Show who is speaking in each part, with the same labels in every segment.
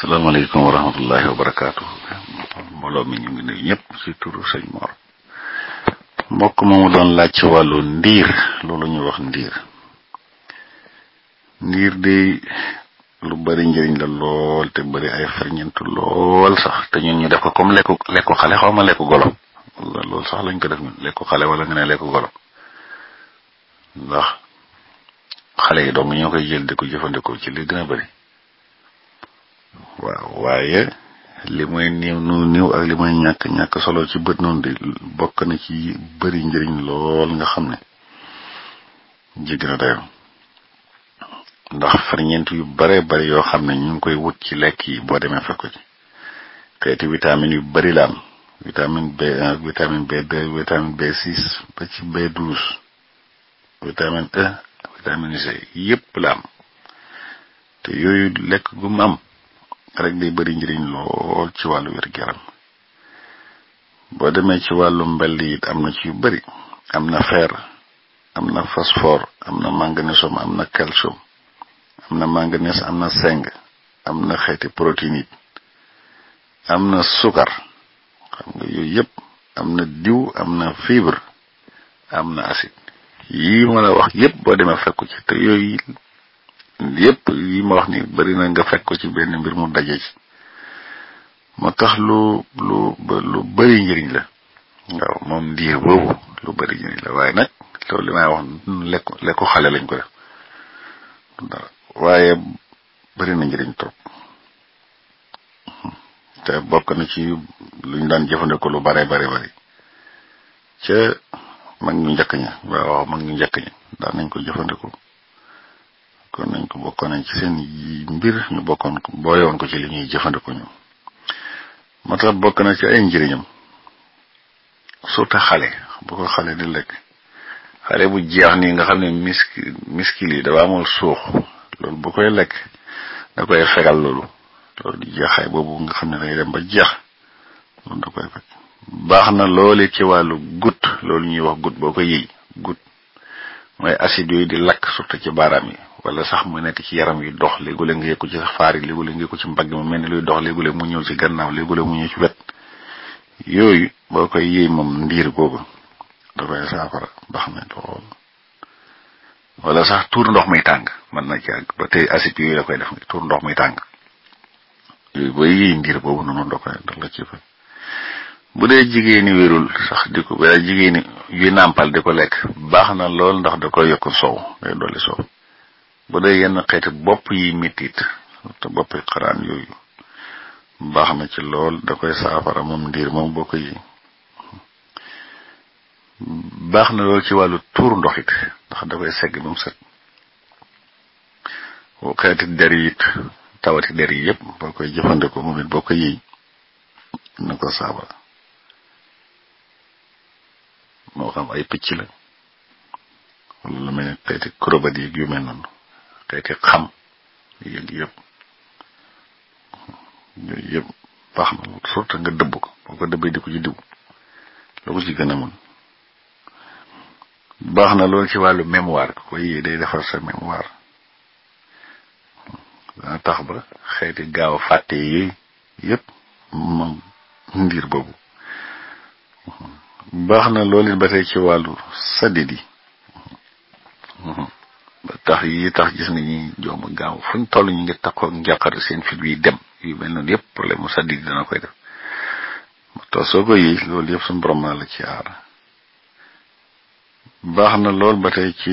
Speaker 1: salaamaaleykum wa rahmatullahi wa barakaatu mbooloo mi ñu ngi nuyu ñëpp ci turu sëñ Mor mbokk moomu doon laaj ci wàllu ndiir loolu ñu wax ndiir ndiir de lu bari njëriñ la lool te bari ay ferñeent lool sax te ñun ñu def ko comme lekku lekku xale xaw ma lekku golo loolu sax lañ ko def ñun lekku xale wala nga lekku golo ndax xale yi dong ñoo koy jël di ko jëfandikoo ci li gën a bari waaw waaye li muy néew nu néew ak li muy ñàkk ñàkk solo ci bët noonu de bokk na ci bëri njëriñ lool nga xam ne jéggi na dayo ndax ferñeent yu bare bari yoo xam ne ñu ngi koy wut ci lekk yi boo demee fekk ko ci xeeti vitamine yu bari la am vitamine b ak vitamine B2 vitamine B6 ba ci B12 vitamine E vitamine C yépp la am te yooyu lekk gu mu am rek day bari njëriñ lool ci walu wér yaram bo demee ci walu mbell yi amna ci yu bari amna fer amna phosphore amna na amna calcium amna manganese amna seng amna xéti xeeti protéine sukar xam nga yoy yépp amna diw amna fibre amna acide yi ma la wax yépp bo fekku ci te yoy lépp yi ma wax ni bari na nga fekk ko ci benn mbir mu daje ci moo tax lu lu lu bari njëriñ la waaw moom diir boobu lu bari njëriñ la waaye nag loolu li may wax lekk lekku xale lañ ko def dara waaye bari na njëriñ trop te bokk na ci luñ daan jëfandiko lu bare bare bari ca mag ñu njëkk ña waaw mag ñu njëkk ña daan nañ ko jëfandikoo bokkoon nañ ko bokkoon nañ ci seen mbir ñu bokkoon ko boole woon ko ci li ñuy jëfandikoo ñoom moo tax bokk na ci ay njëriñam surtout xale bu ko xale di lekk xale bu jeex nii nga xam ne miski miskil yi dafa amoon suux loolu bu koy lekk da koy fegal loolu loolu di jeexaay boobu nga xam ne day dem ba jeex loolu da koy fekk baax na loole ci wàllu gut loolu ñuy wax gut boo ko yëy gut mooy acide yooyu di lakk surtout ci baaraam yi wala sax mu nekk ci yaram yu dox léegule nga yëg ko ci faar yi léegule nga ko ci mbagg mi mel ni luy dox léegule mu ñëw ci gannaaw léegule mu ñëw ci wet yooyu boo koy yéey moom ndiir googu dafay saafara baax na lool wala sax tuur ndox muy tàng mën na ci àgg koy def tuur ndox muy tàng yooyu booy ndiir boobu noonu da koy da la ci fa bu sax di ko ko lekk baax na lool ndax de koy yokk soow day dolli soow bu dee yenn xeeti bopp yi mitit te boppi xaraan yooyu baax na ci lool da koy saafara moom ndiir moom bokk yi baax na lool ci wàllu tuur ndox ndax da koy segg ba mu set xeeti der yi it tawati der yi yëpp boo koy jëfandikoo moom it bokk yi na ko saafara moo xam ay picc la wala lu mel ne xeeti krobat yi yu mel noonu fekke xam yëg yëpp baax na surtout nga dëbb ko boo ko dëbbee di ko ci diw loo ko ci gën a mën baax na loolu ci wàllu mémoire ko koy yee day defar sa mémoire dana tax ba xeeti gaaw a fàtte yooyu yëpp moom ndiir boobu baax na loolu it ba tey ci wàllu sadit tax yi tax gis nga ñi jooma gaaw fuñ toll ñu ngi takko ak seen fit bi dem yu mel noonu yépp problème sa dig dana koy def ma toosoo ko yi loolu yépp suñ borom la ci aar baax na lool ba tey ci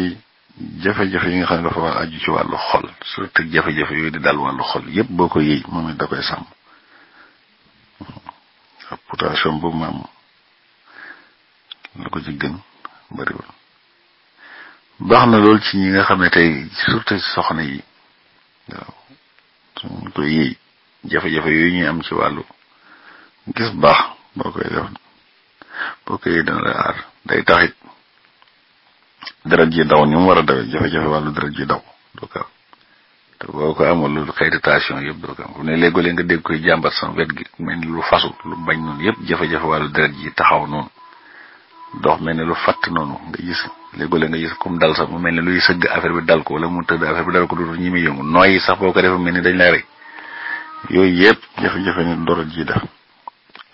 Speaker 1: jafe-jafe yi nga xam ne dafa war aju ci wàllu xol surtout jafe-jafe yooyu di dal wàllu xol yépp boo ko yëy moom it da koy sàmm réputation bu maam la ko ci gën bariwul baax na lool ci ñi nga xam ne tey surtout ci soxna yi waaw suñ ko yéey jafe-jafe yooyu ñuy am ci wàllu gis baax boo koy def boo koy dana day taxit deret ji daw ni mu war a dawee jafe-jafe wàllu deret ji daw doo ko am te boo ko amul lu xeeti tension yëpp doo ko am ne léegoo leen nga dégg koy jàmbat sama wet gi mel lu fasu lu bañ noonu yëpp jafe-jafe wàllu deret ji taxaw noonu dox mel ni lu fatt noonu nga gis léegoo nga gis comme dal sax mu mel ni luy sëgg affaire bi dal ko wala mu tëdd affaire bi dal ko dootul ñi muy yëngu nooy sax boo ko defee mel ni dañ lay rey yooyu yëpp jafe-jafe ni ndoro ji da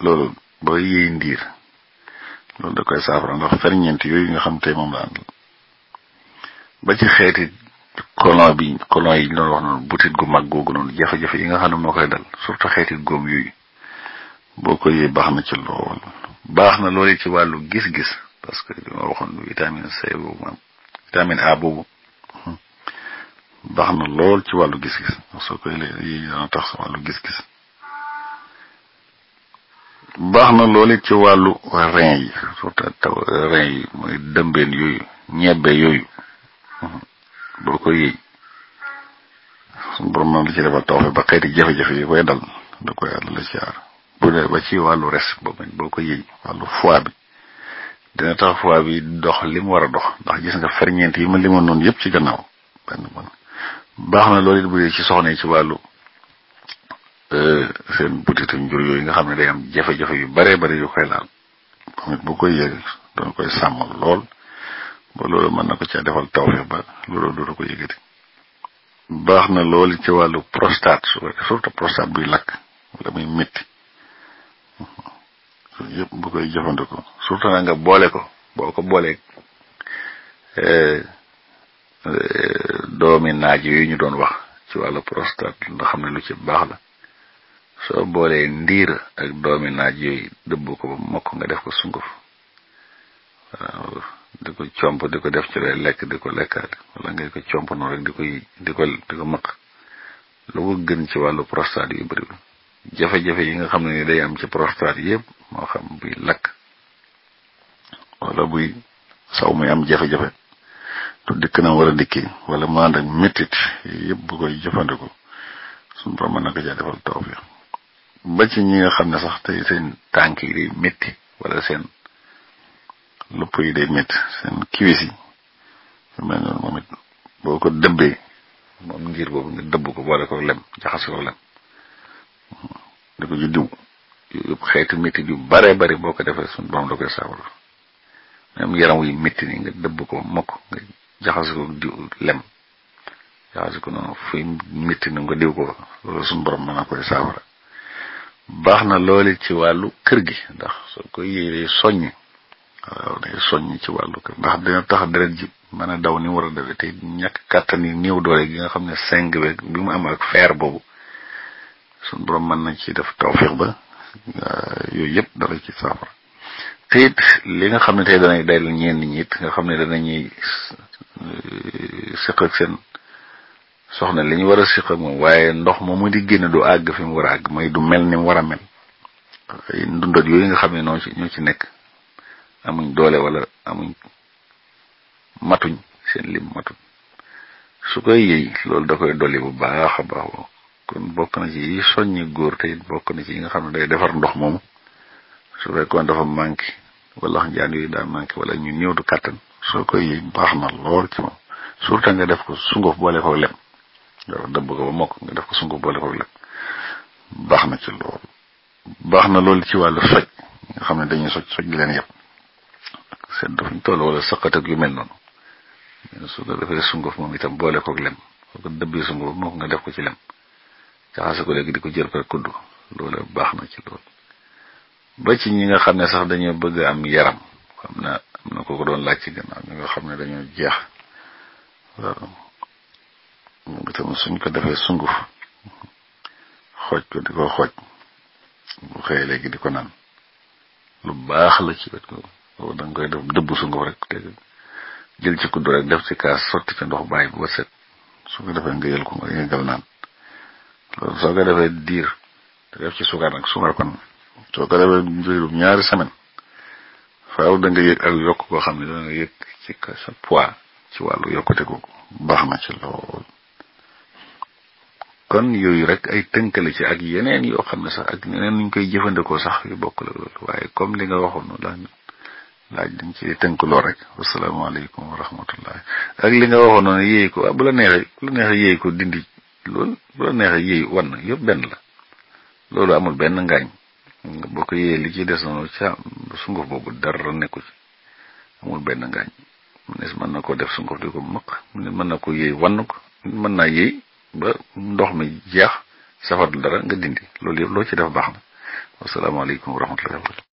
Speaker 1: loolu boo yëy ndiir loolu da koy saafara ndax ferñeent nga xam tey moom la àndal ba ci xeeti bi colon yi ñu wax noonu butit gu mag googu noonu jafe-jafe yi nga xam ne moo koy dal surtout xeeti góom yooyu boo ko yëy baax na ci lool baax na loolu ci wàllu gis-gis parce que li ma waxoon C boobu am vitamine A boobu baax na lool ci wàllu gis-gis soo koy yi dana tax sa wàllu gis-gis baax na lool ci wàllu rein yi mooy dëmbeen yooyu ñebbe yooyu boo ko yëy suñu borom na ci defal taw ba xeeti jafe-jafe yi koy dal da koy àll ci aar bu dee ba ci wàllu res boobu boo ko yëy wàllu foie bi dina tax foie bi dox li mu war a dox ndax gis nga ferñeent yi ma limoon noonu yëpp ci gannaaw benn benn baax na lool it bu dee ci soxna yi ci wàllu euh, seen butitu njur yooyu nga xam ne day am jafe-jafe yu bare bare yu koy laal moom it bu koy yëg doon koy sàmm lool ba loolu mën na ko caa defal tawfeex ba loolu dootu ko yëgati baax na loolu ci wàllu prostate surtout prostate buy lakk wala muy métti yëpp bu koy jëfandikoo surtout nag nga boole ko boo ko booleeg eh, eh, doomi naaj yooyu ñu doon wax ci wàllu prostate nga xam ne lu ci baax la soo boolee ndiir ak doomi naaj yooyu dëbb ko ba mokk nga def ko sunguf waaw di ko comp di ko def ci lay lekk di ko lekkaat wala ngay ko comp noonu rek di koy di ko di ko lu ko gën ci wàllu prostate yu bëri jafe-jafe yi nga xam ne ni day am ci prostate yëpp moo xam buy lakk wala buy saw muy am jafe-jafe du dikk na war a dikki wala ma ànd ak métit yëpp bu koy jëfandikoo suñu borom mën na ko caa defal tawfiq ba ci ñi nga xam ne sax tey seen tànk yi day métti wala seen lupp yi day métti seen kiwis yi su mel noonu moom it boo ko dëbbee moom ngir boobu nga dëbb ko boole ko lem jaxas ko lem di ko ju diw xeetu métti yu bare bari boo ko defee suñu borom da koy saabal même yaram wuy métti ni nga dëbb ko mokk nga jaxase ko diw lem jaxase ko noonu fuy métti ni nga diw ko loolu suñu borom mën na koy na loolu ci wàllu kër gi ndax soo ko yéeree soññ ci wàllu kër ndax dina tax deret ji daw ni war a ñàkk kàttan yi néew doole gi nga xam ne seng mu am ak boobu suñu borom mën na ci def tawféex ba Euh, yooyu yëpp dara ci saafara te it li nga xam ne tey danay dayal ñenn ñi it nga xam ne danañuy euh, siq ak seen soxna li ñu war a siq moom waaye ndox ma mu di génn du àgg fi mu àgg mooy du mel ni mu war a mel ndundat yooyu nga xam ne noo ci ñoo ci nekk amuñ doole wala amuñ matuñ seen lim matuñ su koy yëy loolu da koy dolli bu baax a baax kon bokk na ci yi soññi góor te it bokk na ci yi nga xam ne day defar ndox moomu su fekkoon dafa manqué wala njaan yooyu daa manqué wala ñu ñëw du kàttan soo koy yëg baax na lool ci moom surtout nga def ko sunguf boole ko lem dafa dëbb ko ba mokk nga def ko sunguf boole ko lem baax na ci lool baax na lool ci wàllu soj nga xam ne dañuy soj soj gi leen yëpp seet dafa ñu toll wala saqat ak yu mel noonu su ko defee sunguf moom itam boole ko lem soo ko dëbbee sunguf mokk nga def ko ci lem jaxase ko léegi di ko jël par kudd bu baax na ci loolu ba ci ñi nga xam ne sax dañoo bëgg am yaram xam na am na ko ko doon laaj ci gannaaw ñi nga xam ne dañoo jeex waaw moom itam suñ ko defee sunguf xooj ko di ko xooj bu xëyee léegi di ko naan lu baax la ci wet ko da koy def dëbb sunguf rek léegi jël ci kuddu rek def ci kaas sotti ci ndox bàyyi bu set su ko defee nga yël ko nga yëgal naan soo ko defee diir te def ci suukar nag suukar kon soo ko defee diiru ñaari semaine faaw da nga yëg ak yokk koo xam ne da nga yëg ci sa poids ci wàllu yokkute googu baax na ci lool kon yooyu rek ay tënkale ci ak yeneen yoo xam ne sax ak yeneen nuñ koy jëfandikoo sax yu bokk la loolu waaye comme li nga waxoon daal laaj dañ ci tënk lool rek wasalaamaaleykum wa rahmatullah ak li nga waxoon noonu yéey ko ah bu la neexee bu la neexee yéey ko dindi loolu bu la neexee yéey yëpp benn la loolu amul benn ngaañ boo ko yéeyee li ci des noonu ca sunguf boobu dara nekku ci amul benn ngaañ mu ne mën na ko def sunguf di ko maq mu ne mën na ko yéey wan ko mën naa yéey ba ndox mi jeex safar dara nga dindi lool yëpp loo ci def baax na wasalaamaaleykum wa rahmatullahi